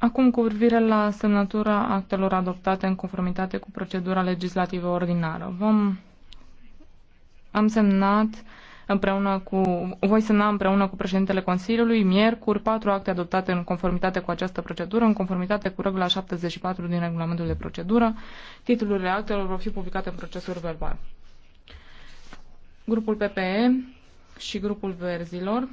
Acum, cu privire la semnătura actelor adoptate în conformitate cu procedura legislativă ordinară, vom am semnat împreună cu, voi semna împreună cu președintele Consiliului, miercuri, patru acte adoptate în conformitate cu această procedură, în conformitate cu regula 74 din regulamentul de procedură. Titlurile actelor vor fi publicate în procesul verbal. Grupul PPE și grupul Verzilor